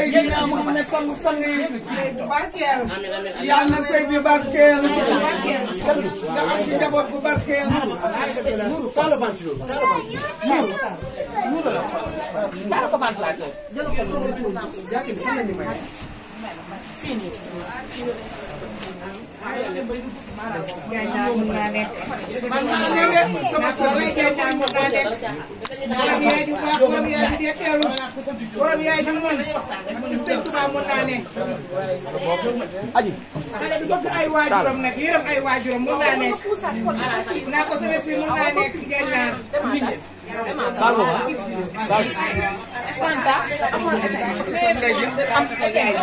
Seydina Muhammad sang sang yi yal na sëy bi barkeel nga am ci njaboot bu barkeel taal ko ventilateur jaay naa mun naa lekk. man maa lekk sama soxla jaay naa mun naa lekk. borom yaay ju baax borom yaay ju dee teelu borom yaay ju mën gis sëñ Tuubaa mun naa nekk. xale bi bëgg ay waajuram nag yërëm ay waajuram mun naa nekk. naa ko semence bi mun naa nekk jaay naa. baal boobu ah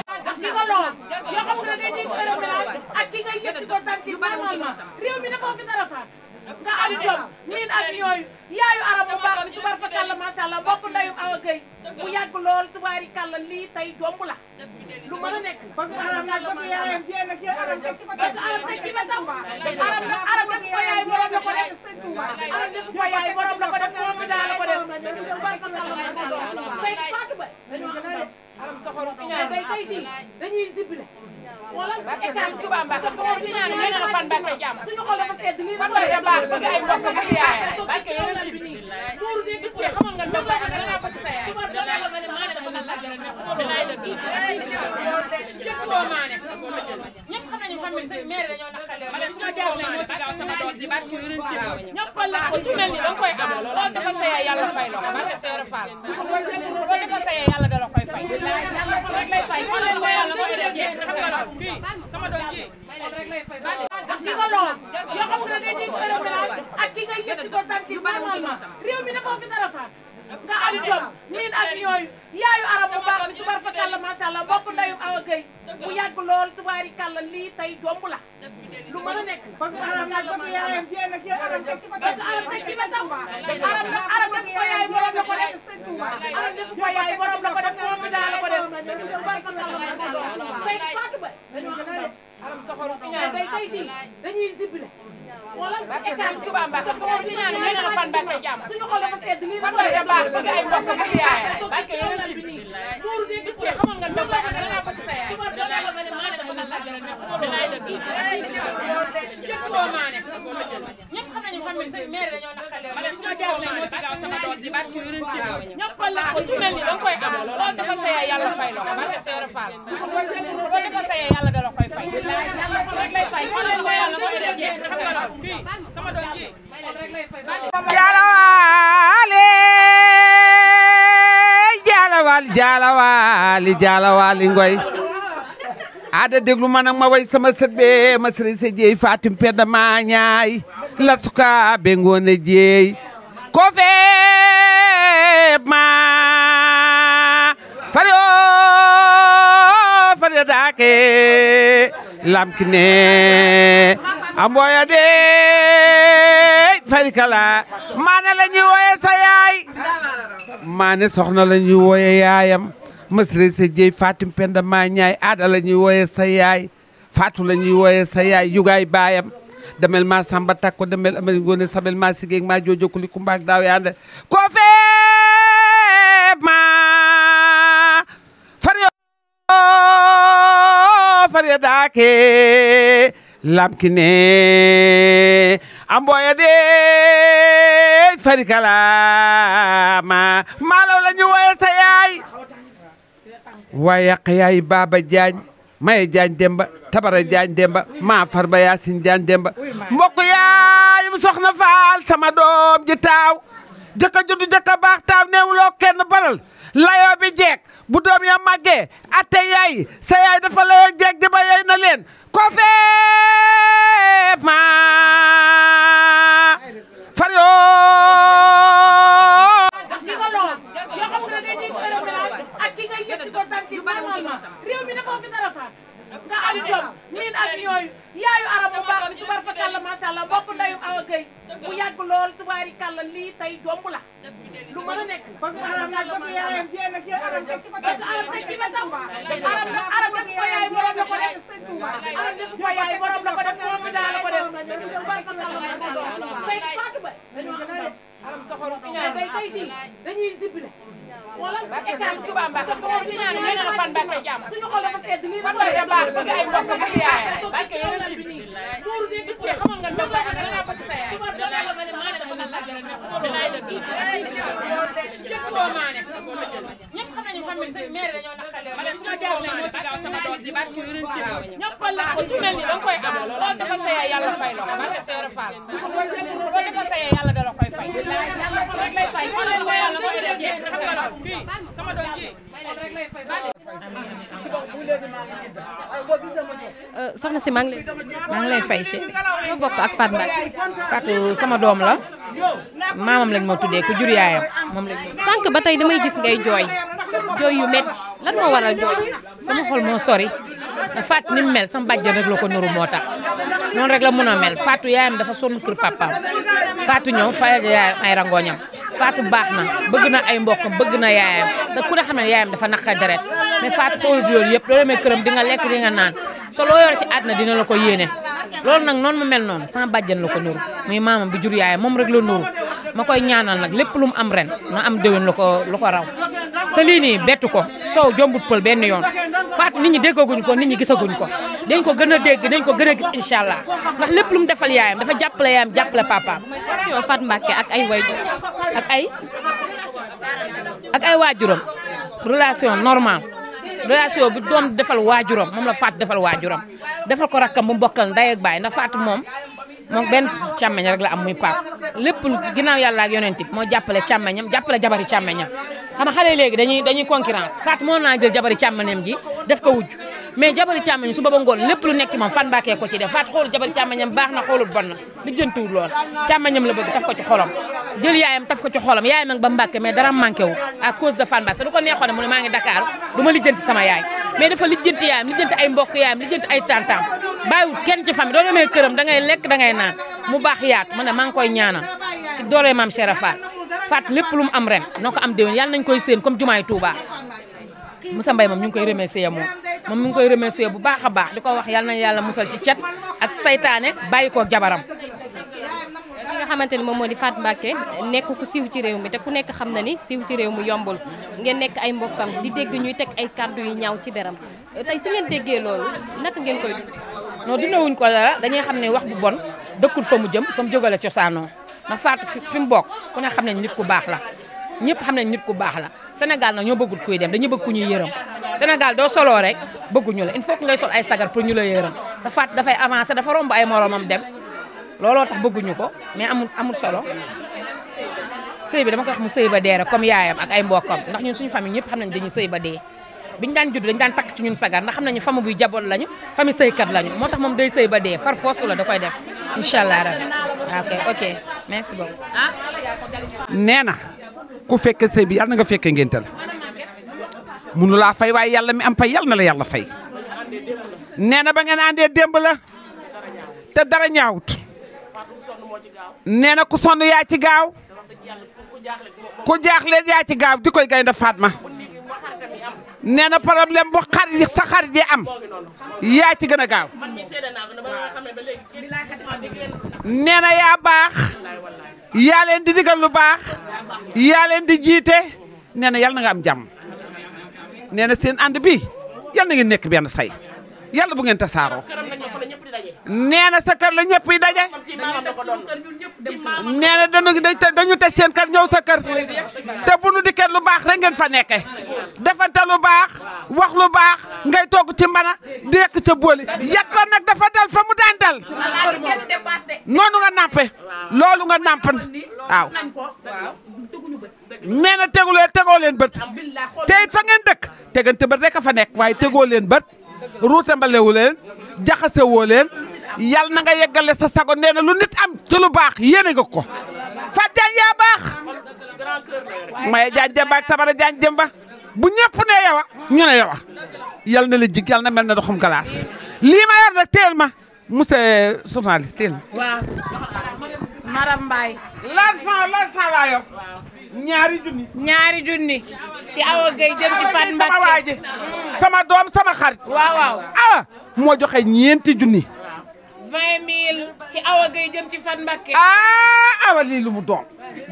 baal. ki nga lool yoo xam nga ngay dégg aéroplane ak ki ngay yëg ci ko sant normalement réew mi dafa fi dara faat nga am jom niin ak yooyu yaayu arab bu baax bi tubaar fa kàlla macha allah bokk ndayu awa gay bu yàgg lool tubaari kàlla lii tey jomb la lu mën a nekk la bëgg arab teg ci bëtam arab nag arab def ko yaay borom la ko la ko def moom mi daa la ko def alam soxoru iñaan day tey jii dañuy zible xoolal écart Touba Mbacke soxoru iñaan may na la fan Mbacke jàmm suñu xol dafa sedd nii rek lay baax bëgg ay mbokk ak sa yaay Mbacke yonent bi tuuru de bis bi xamoon nga ndaw lay am dangaa bëgg sa yaay tubaab dana la nga ne maane dafa nag lajjara ne dinaay dëgg ñëpp woo maane ñëpp xam nañu famille seen mère dañoo jaaxle moo ci gaaw sama doon a barke yonent bi ñëppal la ko su mel ni da nga koy am loolu dafa sëyee yàlla fay la ko barke Seera Fall loolu dafa sëyee fay rek lay fay fay lool yoo xam nga ne dañuy gërëm ak ki ngay yëg a ko sant normalement réew mi dafa fi dara faat nga am jom miin ak yooyu yaayu arab bu baax bi tubaar fa kàlla macha allah bokk ndeyum awa gay bu yàgg lool tubaari kàlla lii tey jomb lu mën a nekk la. bëgg arab nag bëgg yaayam jéem ak jéem arab def ci ba taw arab def ci aram soxoru iñaan day day di dañuy zible wala Mbacke Sëriñ Tuubaa Mbacke soxoru iñaan nee na fan Mbacke jàmm suñu xol dafa sedd nii fan la baax bëgg ay mbokk ak yaay Mbacke yonent bi mooru de bis bi xamoon nga ndaw ak dangaa bëgg sa yaay ñëpp xam nañu famille sëñ maire dañoo naqal ma ne ci barke yonent bi ñëppal la jaalawaali jaalawaali jaalawaali ngoy ada déglu ma nag ma way sama sët be ma jeey fatim penda ma ñaay la suka be jeey ko ma fade o fade dake lamkine amboya de fari kala mane la ñuy wooye sa yaay mane soxna la ñuy wooye yaayam masre sa jey fatim penda ma ñaay la ñuy wooye sa yaay faatu la ñuy wooye sa yaay yugaay baayam damel ma samba takko damel amari ngone sabel ma sigéeg ma joojokuli kumbaak daaw yaande ko fe faryataake lamkine amboya de fari kalama malaw lañu waya sa yaay wayak yaay baba jaañ maye jaañ demba tabara jaañ demba maa farba yaasin jaañ demba mbokk yaayum soxna faal sama doom ji taaw jëkk a judd jëkk a baax taaw neewuloo kenn baral layoo bi jeeg bu doom ya màggee atte yaay sa yaay dafa layoo jeeg di ba yey na leen ko fee ma dañuy zible wala écart Touba Mbacké sama ñaan ñe na fan Mbacké jàmm suñu xol dafa sedd ni wala da baax bëgg ay mbokk ak yaay Mbacké yonent bi mooru de bis bi xamoon nga ndaw ak dana bëgg sa yaay dana nga ne maana dafa na la jëral ne xamoon la dëgg la jëkkoo maane nañu soxna si maa ngi lay maa ngi fay chéri ma bokk ak Fatou Mbaye Fatou sama doom la maamam lañ ma tuddee ku jur yaayam moom lañ sànq ba tey damay gis ngay jooy jooy yu metti lan moo waral jooy sama xol moo sori faat ni mu mel sama bàjjan rek la ko nuru moo tax noonu rek la mun a mel faatu dafa sonn kër papaam faatu ñëw fa ay rangooñam faatu baax na bëgg na ay mbokkam bëgg na yaayam te ku ne xam ne dafa naqa deret mais faatu xoolut yëpp loolu may di nga lekk di nga naan so loo yor ci àdduna dina la ko yéene loolu nag noonu mu mel noonu sama bàjjan la ko nuru muy maamam bi jur yaayam moom rek loo nuru ma koy ñaanal nag lépp lu mu am ren na am déwén la ko la ko raw sa lii nii bettu ko soow jombut pël benn yoon faat nit ñi déggaguñ ko nit ñi gisaguñ ko dañ ko gën a dégg dañ ko gën gis incha allah lépp lu mu defal yaayam dafa jàppale yaayam jàppale papaam. yow ak ay waajur ak ay ak ay waajuram relation normale relation bi doom defal waajuram moom la Fatou defal waajuram defal ko rakkam bu mu bokkal ndey ak baay ndax moom. moom benn càmmeñ rek la am muy paap lépp ginnaaw yàlla ak yonent bi moo jàppale càmmeñam jàppale jabari càmmeñam xanaa xale léegi dañuy dañuy concurrence Fatou moo naa jël jabari càmmaneem ji def ko wujj mais jabari càmmañ su baba ngoon lépp lu nekk moom fan mbaakee ko ci def Fatou xoolu jabari càmmañam baax na xoolut bon na lijjantiwul lool càmmañam la bëgg taf ko ci xolam jël yaayam taf ko ci xolam yaayam ak ba mbàkke mais dara manqué wu à cause de fan mbaak sa du ko neexoon mu ne maa ngi Dakar du ma lijjanti sama yaay mais dafa lijjanti yaayam lijjanti ay mbokk yaayam lijjanti ay tantam bàyyiwut këram da ngay lekk da naan mu baax yaat mu ne maa ngi koy ñaanal ci doole maam faat lépp lu mu am ren na ko am déwén yàlla nañ koy séen comme jumaay Touba Moussa mbay moom ñu ngi koy remercier moom moom ñu ngi koy remercier bu baax a baax di ko wax yàlla nañ yàlla musal ci cet ak saytaane bàyyi koo jabaram ki nga xamante ni moom moo di faat Mbacké nekk ku siiw ci réew mi te ku nekk xam na ni siiw ci réew mi yombul ngeen nekk ay mbokkam di dégg ñuy teg ay kàddu yu ñaaw ci daram tey su ngeen déggee loolu naka ngeen koy dund non dundewuñ ko dara xam ne wax bu bon dëkkul fa mu jëm fa mu cosaanoo ndax Fatou fi mu bokk ku ne xam ne nit ku baax la ñëpp xam nañ nit ku baax la Sénégal nag ñoo bëggul kuy dem dañu bëgg ku ñuy yërëm Sénégal doo soloo rek bëgg ñu la il faut que ngay sol ay sagar pour ñu la yërëm te Fatou dafay avancer dafa romb ay moromam dem looloo tax bëgguñu ko mais amul amul solo sëy bi dama ko wax mu sëy ba dee rek comme yaayam ak ay mbokkam ndax ñun suñu famille ñëpp xam nañ dañuy sëy ba dee biñu daan judd dañ daan takk ci ñun sagar ndax xam nañu fama buy jaboot lañu fami sëykat lañu moo tax moom day sëy ba dee far foos la da koy def incha allah rabbi ok ok merci beaucoup. na ku fekke sëy bi yàlla na nga fekke ngénte la munu laa fay waaye yàlla mi am pay yàlla na la yàlla fay nee na ba ngeen àndee démb la te dara ñaawut nee ku sonn yaa ci gaaw ku jaaxle yaa ci gaaw di koy gaynde Fatma nee na problème bu xar yi sa xar ji am yaa ci gën a gaaw nee na yaa baax yaa leen di digal lu baax yaa leen di jiite nee na yàlla am jàmm nee na seen ànd bi yal na ngeen nekk benn say. yàlla bu ngeen tasaaroo nee na sa kër la ñëpp yi daje nee na dañu dañu teg seen kër ñëw sa kër te bu nu dikkee lu baax rek ngeen fa nekke defante lu baax wax lu baax ngay togg ci mbana di yekk ca booli yekkoon nag dafa dal fa mu daan dal noonu nga nàmpe loolu nga nàmp waaw nee na teguloo tegoo leen bët te it fa ngeen dëkk tegante bët rek a fa nekk waaye tegoo leen bët ruute mbalewu leen jaxase woo leen yàlla na nga yeggale sa sago nee na lu nit am ci lu baax yéene nga ko Fatou Diagne yaa baax Maye Diagne Demba ak Tabara Diagne bu ñëpp ne yow ñu ne yow yal na la jig yal na mel na doxum galaas lii ma yor nag teel ma monsieur journaliste teel ma. ñaari junni. ñaari ci Awa Gueye jëm ci Fat Mbacké sama waay ji sama doom sama xarit. waaw waaw ah moo joxe ñeenti junni. vingt ci Awa Gueye jëm ci Fat Mbacké. ah awa lii lu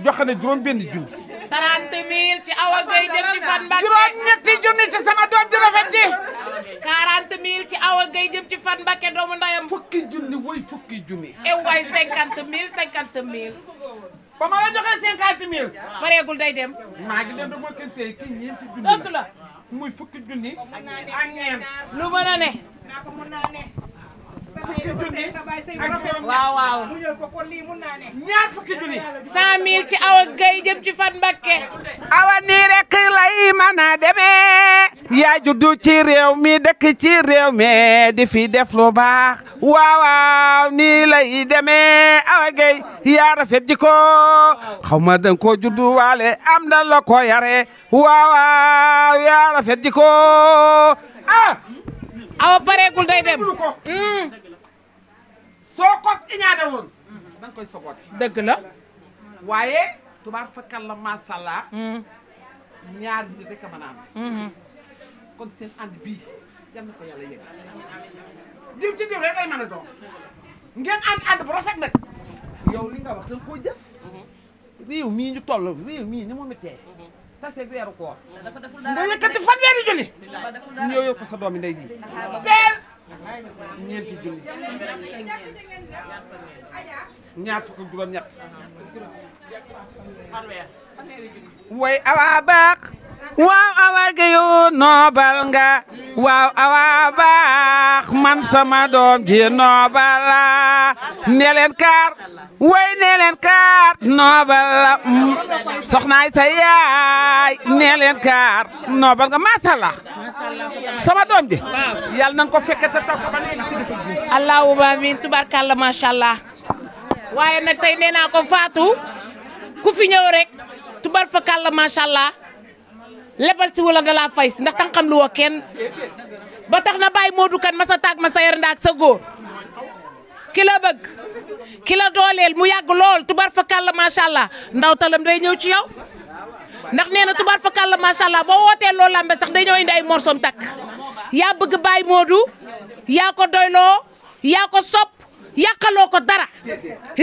joxe na juróom benn junni. trente mille ci Awa Gueye jëm ci Fat juróom ñetti junni ci sama doom ju rafet Awa Gueye jëm ci Fat Mbacké doomu ndayam. fukki junni woy fukki junni. et waay mille cinquante mille. ba ma la joxee cinquante mille. pareegul day dem. maa ngi leen di ki ñeenti junni la. dëgg la muy fukki junni. lu mën a ne. waaw ci awa gay jëm ci Fat Mbakke awa nii rek lay mën a demee yaa juddu ci réew mi dëkk ci réew mi di fi def lu baax waaw waaw nii lay demee awa gay yaa rafet jiko xaw ma danga koo juddu waale am na la ko yare waaw waaw yaa rafet jiko awa pareegul day dem soo ko iñaane woon mm-hmm. da nga koy soboote dëgg la waaye tubaar fakkal la masàllaa mm-hmm. ñaar ñi rek a mën a am mm-hmm. seen ànd bii yal na ko yàlla yëg diw ci diw rek a ngeen ànd bu rafet nag yow li nga wax da nga koo jëf mii ñu tol réew mii ni mu méttee tase weeru koor nga yëkkati fanweeri junni ñëw yëpp ko sa doomi ndey ji teel ñeenti junni ñaar fukk ak juróom ñett way awa baax waaw awa geyu noobal nga waaw awa baax man sama doom ji noobal la kaar way ne kaar noobal la mm. soxnaay nee leen kaar non ba nga macha sama doom ji yàlla nañ ko fekke te toog ba léegi ci defu allahumma amiin tubarkalla macha allah waaye nag tey nee naa ko Fatou ku fi ñëw rek tubar fa kàlla macha allah lebal si wala dalaa fay si ndax tànqam lu kenn ba tax na bay Modou kan masa taag masa yar ndaak sa góor ki la bëgg dooleel mu yàgg lool tubar fa kàlla macha allah ndaw talam day ñëw ci yow. ndax nee na tubaar fa kàlla macha allah boo wootee loo lambe sax dañoo indi ay morsoom takk yaa bëgg Baye Modou yaa ko doyloo yaa ko sopp yàqaloo ko dara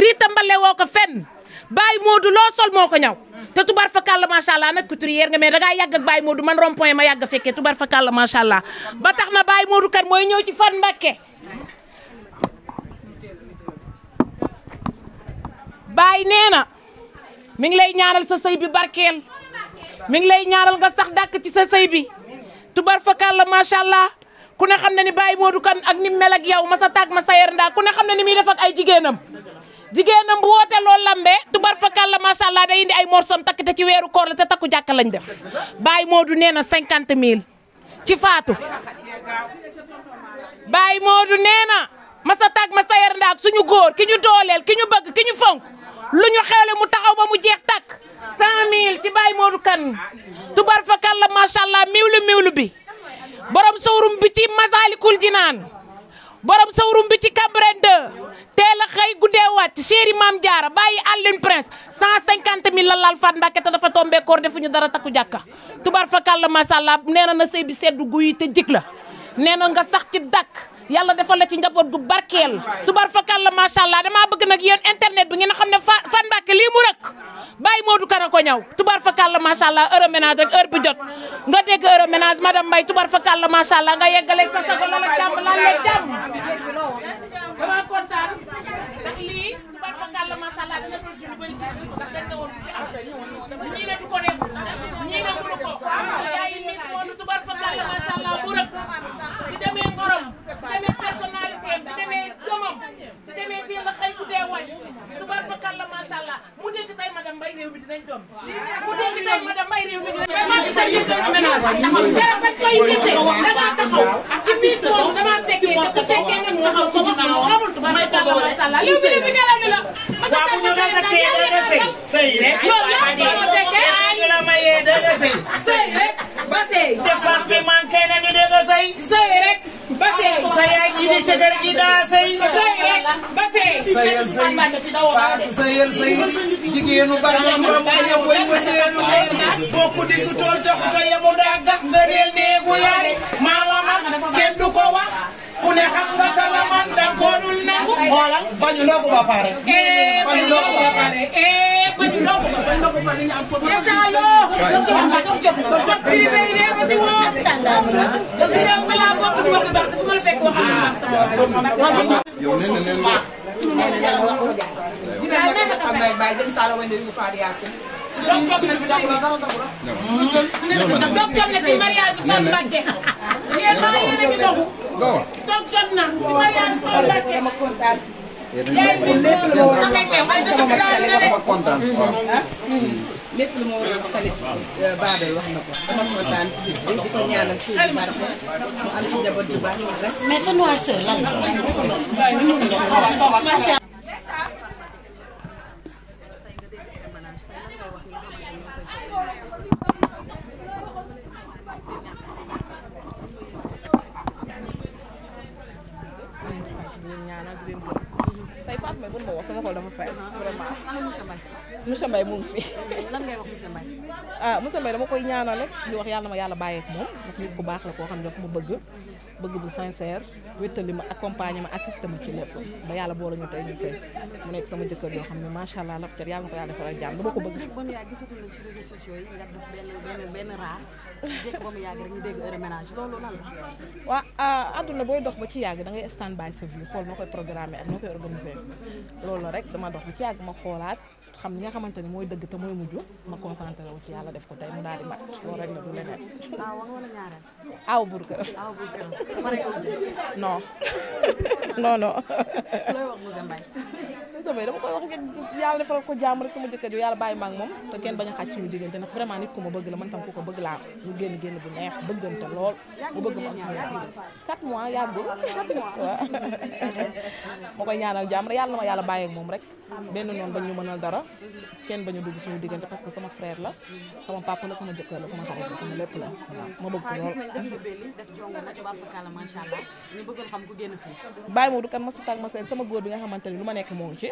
riita mbale woo ko fenn Baye Modou loo sol moo ko ñaw te tubaar fa kàlla macha allah nag couturière nga mais dangaa yàgg ak Baye Modou man ma yàgg a fekkee tubaar fa kàlla macha ba tax na Baye Modou kat mooy ñëw ci fan Mbakke. Baye nee na mi ngi lay ñaanal sa sëy bi barkeel. mi lay ñaaral nga sax dàkk ci sa sëy bi tubar fakal la macha allah ku ne xam ne ni Baye Modou kan ak ni mel ak yow ma sa tag ma sa yer ndaa ku ne xam ne ni muy def ak ay jigéenam jigéenam bu woote loolu lambee tubar fakal la macha allah day indi ay morsom takk te ci weeru koor la te takku jàkk lañ def Baye Modou nee na cinquante mille ci faatu Baye Modou nee na ma sa tag ma sa yer ndaa suñu góor ki ñu dooleel ki ñu bëgg ki ñu fonk lu ñu xewle mu taxaw ba mu jeex tàkk 100000 ci Baye Modou Kane tubar fakal la macha allah miwlu miwlu bi barab borom sawrum bi ci Masalikul barab borom sawrum bi ci Cambérène 2 teel a xëy guddee wàcc chéri maam Diarra bàyyi Alioune Prince 150000 la laal Fat Mbàkke te dafa tombé koor defuñu dara takku jàkka tubar fakal la macha allah na na sëy bi seddu guy te jik la. nee na nga sax ci dàkk yàlla defal la ci njaboot gu barkeel tubar fa la macha allah damaa bëgg nag yéen internet bi ngeen xam ne fa fan Mbàkke lii mu rëkk bàyyi Modou Kara ko ñaw tubar fakal la macha allah heure rek heure bi jot nga dégg heure ménage madame Mbaye tubar fakal la macha nga yeggaleeg sa sago la la la jàmm la macha sëy rek. dépense bi manqué na ñu dégg sëy. sëy rek. ba sëy. sa yaay ni jëkkër ji daa sëy. ba sëy jigéenu barke mbam ko yem way ko neenu bokk digg tool taxuta yemu daa gax nga neel neegu yaay man kenn ko wax ku ne xam nga man da ko dul nangu xoolal bañu loo ko ba pare eh, bañu loo ko ba pare eh, yow nee na leen wax. nee na yàlla wax ko jàpp. dinaa nekk xam naa bàyyi jëm Saalum wala yu Fadi Yacine. donc jot na ci sëy bi donc jot na ci mariage Fane Mbacke. yéen maa yéen a ngi doxu. donc jot na ci mariage Fane Mbacke. lépp lu ma war a wax kontaan wax na ko dama kontaan ci bis bi di ko ñaanal suuf bi baax na am ci njaboot bu baax mais sa noire sœur la. fast. Uh-huh. monsieur Mbaye mu ngi fi. lan ngay wax monsieur Mbaye. ah monsieur Mbaye dama koy ñaanal rek di wax yàlla ma yàlla bàyyeek moom ndax la koo xam ne daf ma bëgg bëgg bu sincère wéttali ma accompagné ma assisté ma ci lépp ba yàlla boole ñu tey ñu sëy mu nekk sama jëkkër yoo xam ne macha allah laf car yàlla na ko yàlla defal ak jàmm dama ko bëgg. ba mu yàgg gisatul la ci réseaux sociaux dégg heure ménage loolu lan la. Ah, booy dox ba ci yàgg da ngay stand by sa vie xool noo koy programmer ak noo koy organiser loolu rek dama dox ba ci yàgg ma xoolaat xam li nga xamante ni mooy dëgg te mooy mujj ma concentré wu ci yàlla def ko tey mu daal di mat loolu rek na du leneen. waaw wax wala ñaareel. aw damay dama koy wax nga yàlla defal ko jàmm rek sama jëkkër yàlla bàyyi ma ak moom te kenn bañ a xaaj suñu diggante ndax vraiment nit ku ko bëgg laa ñu ma am na ma yàlla bàyyi ak moom rek benn noonu bañ ñu a dugg la sama papa la sama la sama xarit la la waaw ma bëgg ko lool bàyyi moom du kan ma si tàgg ma ni ma nekk moo ci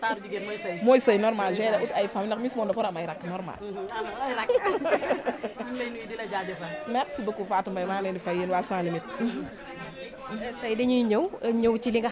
taaru jigéen mooy sëy mooy sëy normal géré ut ay famille ndax Miss Monde dafa war ay rakk normal ah, merci beaucoup Fatou maa ngi leen fay yéen waa sans limite dañuy ñëw ñëw ci li nga